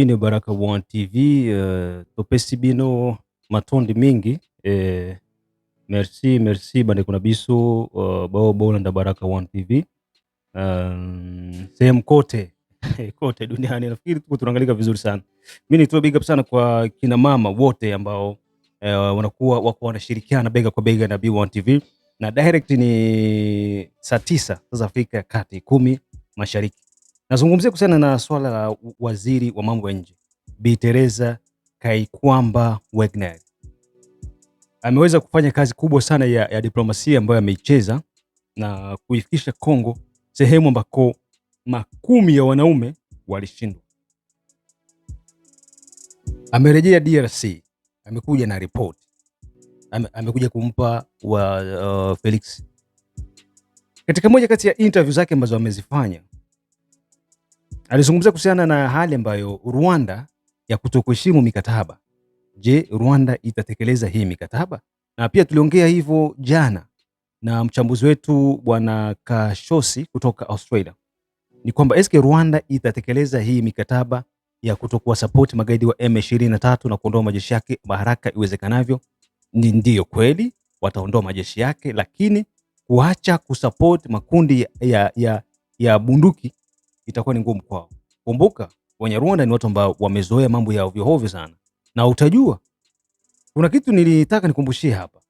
hii ni Baraka One TV. Uh, eh, topesi bino matondi mingi eh, merci merci bande kuna biso uh, bao baolanda Baraka One TV um, eh, sehemu kote kote duniani nafikiri tuko tunaangalika vizuri sana. Mimi nitoa big up sana kwa kina mama wote ambao eh, wanakuwa wako wanashirikiana bega kwa bega na B1 TV na direct ni saa tisa sasa Afrika ya Kati, kumi mashariki Nazungumzia kuhusiana na swala la waziri wa mambo ya nje Bi Teresa Kaikwamba Wagner. Ameweza kufanya kazi kubwa sana ya, ya diplomasia ambayo ameicheza na kuifikisha Kongo sehemu ambako makumi ya wanaume walishindwa. Amerejea DRC, amekuja na ripoti, ame, amekuja kumpa wa, uh, Felix katika moja kati ya interview zake ambazo amezifanya Alizungumzia kuhusiana na hali ambayo Rwanda ya kutokuheshimu mikataba. Je, Rwanda itatekeleza hii mikataba? Na pia tuliongea hivyo jana na mchambuzi wetu bwana Kashosi kutoka Australia, ni kwamba eske Rwanda itatekeleza hii mikataba ya kutokuwa support magaidi wa M23 na kuondoa majeshi yake haraka iwezekanavyo? Ni ndiyo kweli wataondoa majeshi yake, lakini kuacha kusupport makundi ya, ya, ya bunduki itakuwa ni ngumu kwao. Kumbuka Wanyarwanda ni watu ambao wamezoea mambo ya ovyo ovyo sana, na utajua kuna kitu nilitaka nikumbushie hapa.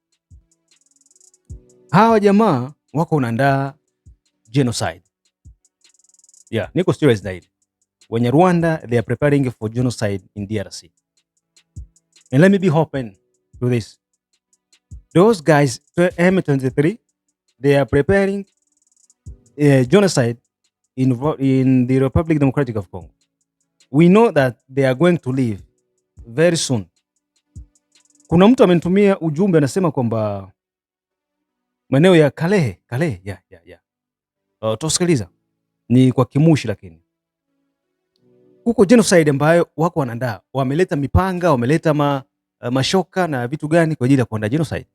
Hawa jamaa wako wanaandaa genocide. Yeah, niko serious na hili. Wanyarwanda they are preparing for genocide in DRC. And let me be open to this. Those guys M23 they are preparing a eh, genocide in, in the Republic Democratic of Congo. We know that they are going to leave very soon. Kuna mtu amenitumia ujumbe anasema kwamba maeneo ya Kalehe, Kalehe, ya, ya, ya. Uh, tusikiliza ni kwa kimushi, lakini huko genocide ambayo wako wanaandaa, wameleta mipanga, wameleta ma, uh, mashoka na vitu gani kwa ajili ya kuandaa genocide,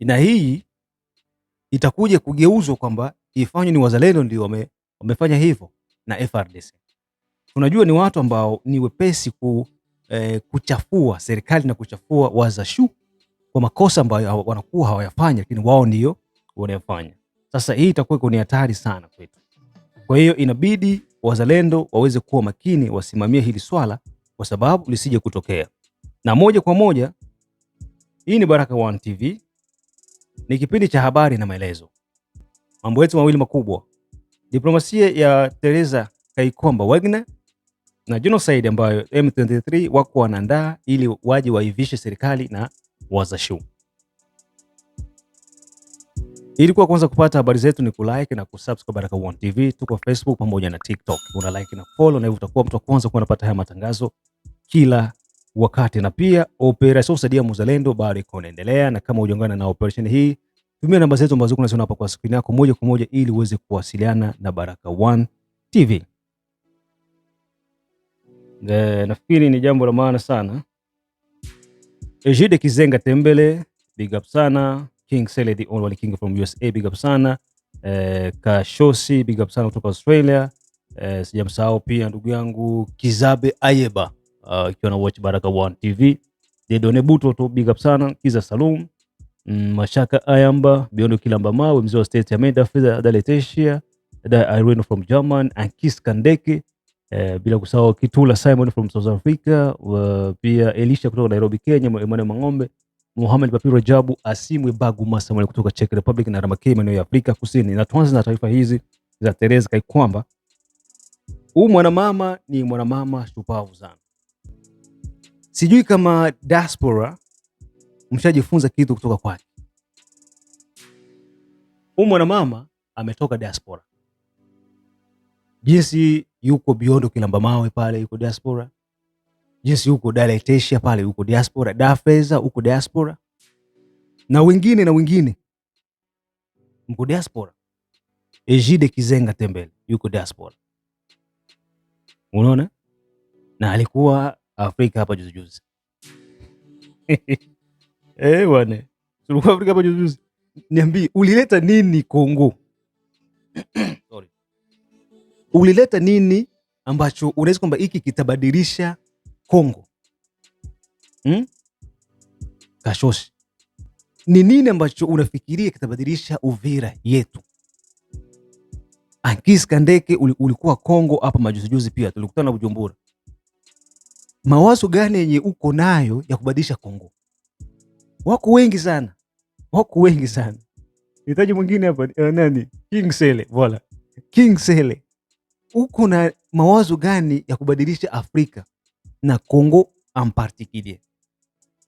na hii itakuja kugeuzwa kwamba ifanywe ni wazalendo ndio wame wamefanya hivyo na FRDC. Unajua ni watu ambao ni wepesi ku, eh, kuchafua serikali na kuchafua wazashu kwa makosa ambayo wanakuwa hawayafanya, lakini wao ndio wanayofanya. Sasa hii itakuwa ni hatari sana kwetu. Kwa hiyo inabidi wazalendo waweze kuwa makini, wasimamie hili swala kwa sababu lisije kutokea. Na moja kwa moja, hii ni Baraka One TV, ni kipindi cha habari na maelezo. Mambo yetu mawili makubwa Diplomasia ya Teresa Kaikomba Wagner na genocide ambayo M23 wako wanaandaa ili waje waivishe serikali na wazashu. Ili kwa kwanza kupata habari zetu ni kulike na kusubscribe Baraka One TV. Tuko Facebook pamoja na TikTok, una like na follow, na hivyo utakuwa mtu wa kwanza kuwa unapata haya matangazo kila wakati, na pia operation saidia muzalendo bado iko inaendelea, na kama hujaungana na operation hii Tumia namba zetu ambazo unaziona hapa kwa skrini yako moja kwa moja ili uweze kuwasiliana na baraka One TV. E, eh, nafikiri ni jambo la maana sana. Ejide Kizenga Tembele, big up sana. King Sele the only king from USA, big up sana. E, Kashosi, big up sana kutoka Australia. E, sijamsahau pia ndugu yangu Kizabe Ayeba, ah, ikiwa uh, na watch baraka One TV. Dedone Buto, to big up sana. Kiza Salum Mm, Mashaka Ayamba, Biondo Kilamba Mawe, Mzee wa State ya Amenda Friza Adaletesia, Dada Irene from German, and kis Kandeke, eh, bila kusahau Kitula Simon from South Africa, uh, pia Elisha kutoka Nairobi Kenya, Emmanuel Mang'ombe, muhamed Papi Rajabu, Asimwe bagu masamuel kutoka Czech Republic na Ramakei maeneo ya Afrika Kusini. Na tuanze na taarifa hizi za Teresa Kaikwamba. Huyu mwanamama ni mwanamama shupavu sana. Sijui kama diaspora mshajifunza kitu kutoka kwake. Huyu mwanamama ametoka diaspora, jinsi yuko Biondo Kilamba Mawe pale yuko diaspora, jinsi yuko Direct Asia pale yuko diaspora, Dafeza huko diaspora, na wengine na wengine mko diaspora. Ejide Kizenga Tembele yuko diaspora, unaona, na alikuwa Afrika hapa juzijuzi Eh, bwana. Tulikuwa Afrika hapo juzi. Niambie, ulileta nini Kongo? Sorry. Ulileta nini ambacho unaweza kwamba hiki kitabadilisha Kongo? Hmm? Kashoshi. Ni nini ambacho unafikiria kitabadilisha Uvira yetu? Ankis Kandeke ulikuwa Kongo hapa majuzi juzi, pia tulikutana na Bujumbura. Mawazo gani yenye uko nayo ya kubadilisha Kongo? wako wengi sana, wako wengi sana. Hitaji mwingine hapa eh, nani? King Sele bora, King Sele, uko na mawazo gani ya kubadilisha Afrika na Kongo ampartikilie?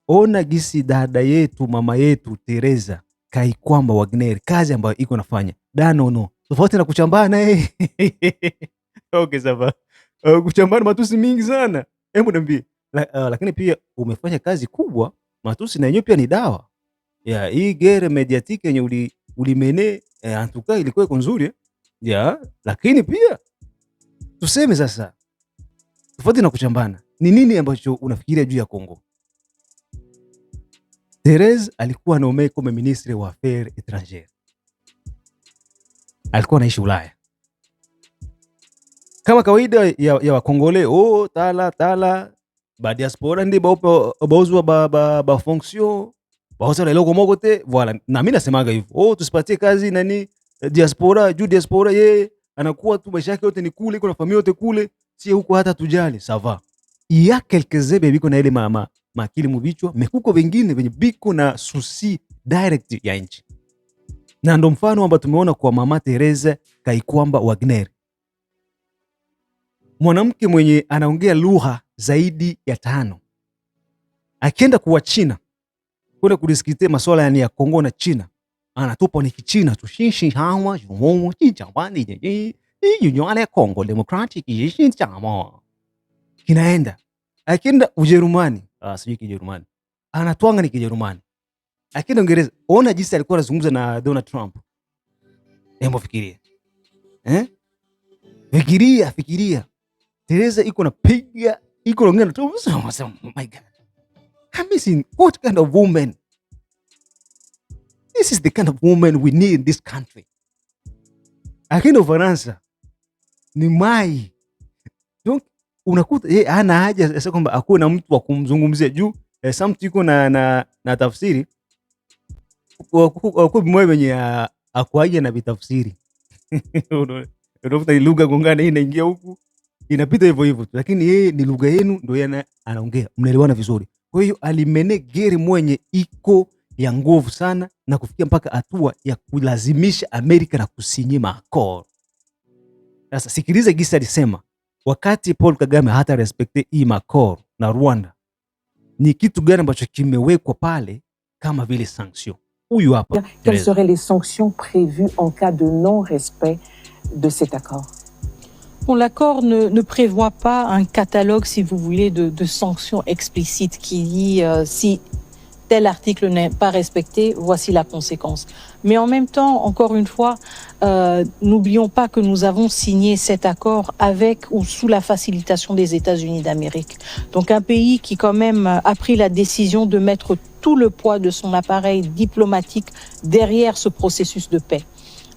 Ona gisi dada yetu mama yetu Teresa kai kwamba Wagner kazi ambayo iko nafanya dano no tofauti na kuchambana eh. Okay, sawa uh, kuchambana matusi mingi sana hebu niambie la, uh, lakini pia umefanya kazi kubwa matusi na yenyewe pia ni dawa ya hii gere mediatique yenye uli, ulimene eh, antuka ilikuwa iko nzuri eh? ya lakini pia tuseme sasa, tofauti na kuchambana, ni nini ambacho unafikiria juu ya Kongo? Therese alikuwa nomme comme ministre wa affaires étrangères, alikuwa anaishi Ulaya kama kawaida ya, ya Wakongole. Oh, tala tala ba diaspora ndi bauzwa ba, ba, ba fonction baoza na iloko moko te voilà. Na mimi nasemaga hivyo oh, tusipatie kazi nani diaspora juu diaspora ye anakuwa tu maisha yake yote ni kule, iko na familia yote kule, sie huko hata tujali sava ya quelques uns biko na ile mama makili mubichwa mekuko vingine venye biko na susi direct ya nchi, na ndo mfano kwamba tumeona kwa mama Teresa Kaikwamba Wagner mwanamke mwenye anaongea lugha zaidi ya tano akienda kuwa China kwenda kudiskite masuala yani ya Kongo na China, anatupa ni Kichina tu shishi hawa yumo chijabani yeye yunyo ale Kongo Democratic yishi chama kinaenda. Akienda Ujerumani, ah sijui Kijerumani, anatwanga ni Kijerumani. Akienda Uingereza, ona jinsi alikuwa anazungumza na Donald Trump. Hebu fikiria eh, fikiria fikiria Tereza iko napiga iko naongea tu, oh my God, Hamisi, what kind of woman? This is the kind of woman we need in this country. Lakini Ufaransa ni mai Don't unakuta yeye eh, ana haja sasa kwamba akuwe na mtu wa kumzungumzia juu eh, samtu iko na, na, na tafsiri wakuwe mwe wenye ah, akuaje na vitafsiri unakuta lugha gongana hii inaingia huku inapita hivyo hivyo tu, lakini yeye ni lugha yenu ndio yeye anaongea, mnaelewana vizuri. Kwa hiyo alimene geri mwenye iko ya nguvu sana na kufikia mpaka hatua ya kulazimisha Amerika na kusinyima akoro Sasa sikiliza gisa alisema wakati Paul Kagame hata respekte hii makor na Rwanda, ni kitu gani ambacho kimewekwa pale kama vile sanction? Huyu hapa, quelles seraient les sanctions prévues en cas de non respect de cet accord l'accord ne, prévoit pas un catalogue, si vous voulez, de, sanctions explicites qui dit euh, si tel article n'est pas respecté, voici la conséquence. Mais en même temps, encore une fois, euh, n'oublions pas que nous avons signé cet accord avec ou sous la facilitation des États-Unis d'Amérique. Donc un pays qui quand même a pris la décision de mettre tout le poids de son appareil diplomatique derrière ce processus de paix.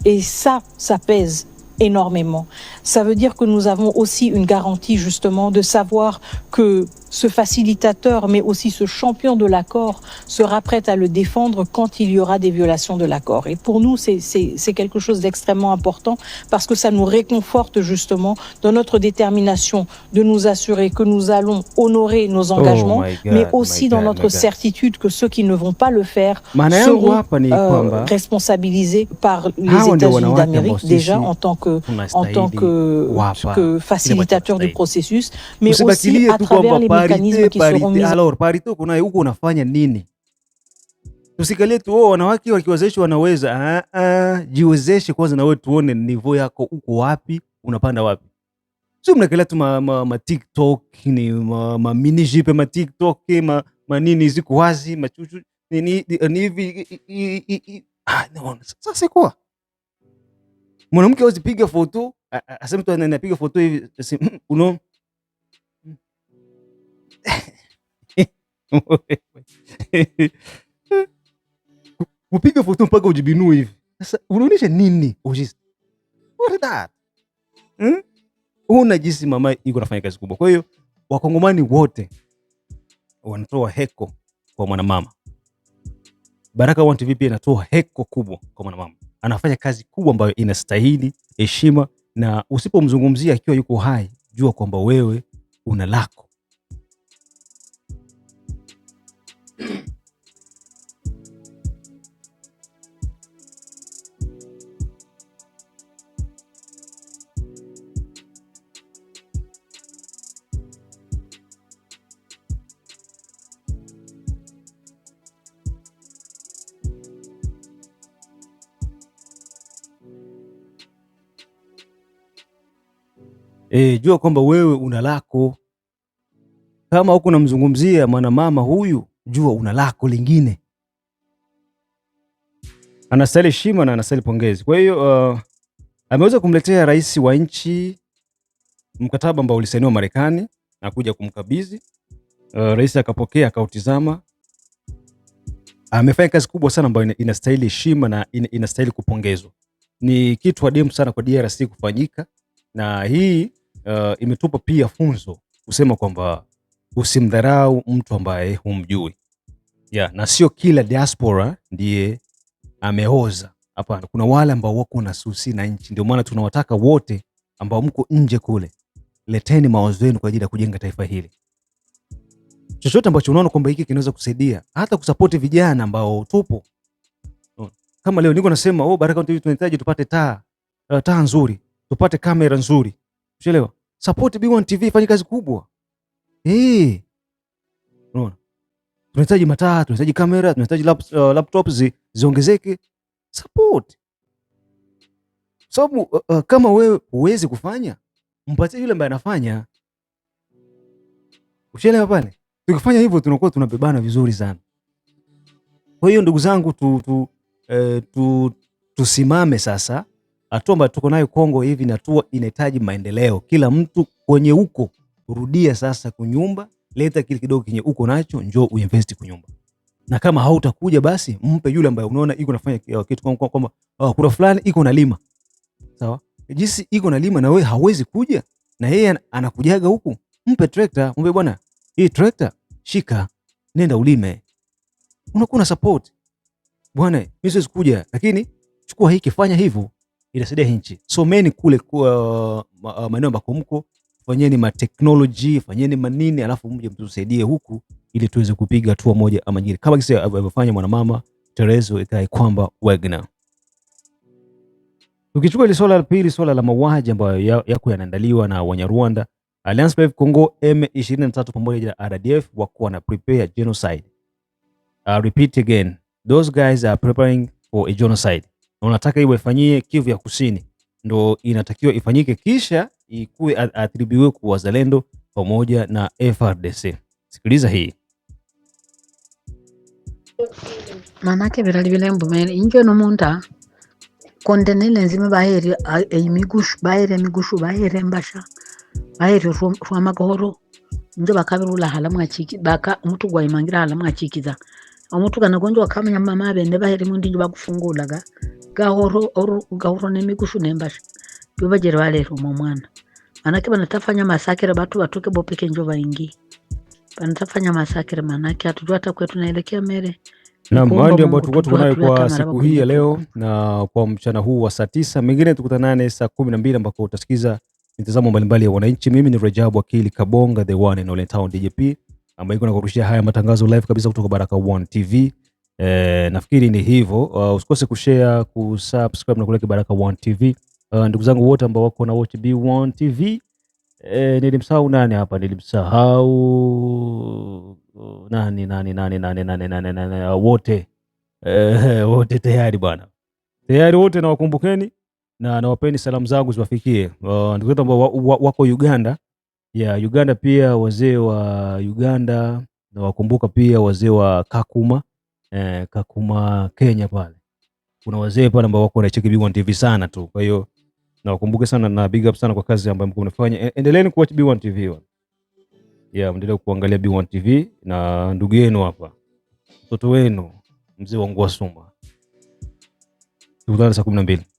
Et ça, ça pèse énormément. Ça veut dire que nous avons aussi une garantie justement de savoir que ce facilitateur, mais aussi ce champion de l'accord, sera prêt à le défendre quand il y aura des violations de l'accord. Et pour nous, c'est quelque chose d'extrêmement important parce que ça nous réconforte justement dans notre détermination de nous assurer que nous allons honorer nos oh engagements, mais oh aussi dans notre certitude que ceux qui ne vont pas le faire seront euh, responsabilisés par les ah, États-Unis d'Amérique déjà en tant que que, en tant que, que facilitateur du processus, mais aussi à travers les mécanismes qui seront mis. Alors, parité kuna huko unafanya nini? Tusikalie tu wanawake wakiwezeshwa wanaweza. Ah, ah, jiwezeshe kwanza na tuone niveau yako uko wapi, unapanda wapi. Sio mnakelea tu ma, ma, ma ni ma, ma mini ma TikTok ziko wazi machuchu ni hivi ah, sasa kwa mwanamke usipiga foto, asemtu anapiga foto hivi mm, uno kupiga foto mpaka ujibinue hivi. Sasa unaonyesha nini? Oh, hmm? Una mama iko nafanya kazi kubwa. Kwa hiyo wakongomani wote wanatoa heko kwa mwanamama. Baraka One TV pia inatoa heko kubwa kwa mwanamama anafanya kazi kubwa ambayo inastahili heshima, na usipomzungumzia akiwa yuko hai, jua kwamba wewe una lako. E, jua kwamba wewe una lako. Kama huko unamzungumzia mwanamama huyu, jua una lako lingine. Anastahili heshima na anastahili pongezi. Kwa hiyo uh, ameweza kumletea rais wa nchi mkataba ambao ulisainiwa Marekani na kuja kumkabidhi uh, rais akapokea, akautizama. Amefanya kazi kubwa sana ambayo inastahili heshima na inastahili kupongezwa. Ni kitu adimu sana kwa DRC kufanyika na hii uh, imetupa pia funzo kusema kwamba usimdharau mtu ambaye humjui yeah, na sio kila diaspora ndiye ameoza. Hapana, kuna wale ambao wako na susi na nchi. Ndio maana tunawataka wote ambao mko nje kule, leteni mawazo yenu kwa ajili ya kujenga taifa hili. Chochote ambacho unaona kwamba hiki kinaweza kusaidia, hata kusapoti vijana ambao tupo kama leo, niko nasema oh, Baraka TV tunahitaji tupate taa taa nzuri, tupate kamera nzuri Unaelewa? Support B1 TV ifanye kazi kubwa. Eh. Unaona? Tunahitaji mataa, tunahitaji kamera, tunahitaji lap, uh, laptops zi, ziongezeke. Support. Sababu so, uh, uh, kama wewe huwezi kufanya, mpatie yule ambaye anafanya. Ushaelewa pale? Tukifanya hivyo tunakuwa tunabebana vizuri sana. Kwa hiyo ndugu zangu tu, tu, eh, tu tusimame sasa hatua ambayo tuko nayo Kongo hivi ni hatua inahitaji maendeleo. Kila mtu kwenye huko rudia sasa kunyumba, leta kile kidogo kenye uko nacho, njoo uinvest kunyumba, na kama hautakuja basi mpe yule ambaye unaona iko nafanya kitu kwamba kwa, kwa, ah, kuna fulani iko nalima, sawa, jinsi iko nalima na wewe hawezi kuja na yeye anakujaga huku, mpe trekta, mpe bwana, hii trekta shika, nenda ulime, unakuwa na support bwana, mimi siwezi kuja, lakini chukua hiki, fanya hivyo inasaidia hii nchi. Someni kule uh, uh, maeneo ambako mko, fanyeni ma technology, fanyeni manini, alafu mje mtusaidie huku ili tuweze kupiga hatua moja ama nyingine, kama kisa alivyofanya mwanamama Terezo Ikae kwamba Wagner. Tukichukua ile swala la pili, swala la mauaji ambayo yako yanaandaliwa na Wanyarwanda, Alliance Brave Congo M23 pamoja na RDF wako na prepare genocide. I uh, repeat again, those guys are preparing for a genocide na unataka iwe ifanyie Kivu ya Kusini, ndo inatakiwa ifanyike, kisha ikuwe atribuiwe kwa wazalendo pamoja na FRDC. Sikiliza hii manake birali bilembumene injo nomunta kondenele nzima bahere eimigushu bahere emigushu bahere embasha bahere rwamagoro njo bakabirula hala mwachiki baka gwa imangira hala mwachikiza omutu kana gonjo wakamanya mama abende bahere mundi njo bakufungulaga gahoro nemikushu nembasha vyo vajeri valera umo mwana manake vanatafanya masakere vatu vatoke bopeke njo vaingi vanatafanya masakere manake atujua hata kwetu naelekea mere Naam, hayo ndio ambayo tulikuwa tuko nayo kwa siku hii ya leo na kwa mchana huu wa saa tisa. Mengine tukutanane saa kumi na mbili ambako utasikiza mitazamo mbalimbali ya wananchi. Mimi ni Rajabu Akili Kabonga, the one in only town DJP, ambaye iko nakurushia haya matangazo live kabisa kutoka Baraka One TV. E, nafikiri ni hivyo. Uh, usikose kushare, kusubscribe na kule Baraka One TV. Uh, ndugu zangu wote ambao wako na watch B1 TV. E, eh, nilimsahau nani hapa? Nilimsahau nani nani nani nani nani nani nani wote. E, wote tayari bwana. Tayari wote nawakumbukeni na nawapeni salamu zangu ziwafikie. Uh, ndugu zetu ambao wa, wa, wako Uganda. Ya yeah, Uganda pia wazee wa Uganda nawakumbuka pia wazee wa Kakuma eh, Kakuma Kenya pale. Kuna wazee pale ambao wako wanacheki B1 TV sana tu. Kwa hiyo nawakumbuke sana na big up sana kwa kazi ambayo mko mnafanya. E, endeleeni kuwatch B1 TV. Yeah, mwendelee kuangalia B1 TV na ndugu yenu hapa. Mtoto wenu mzee wangu wa Sumba. Tukutane saa 12.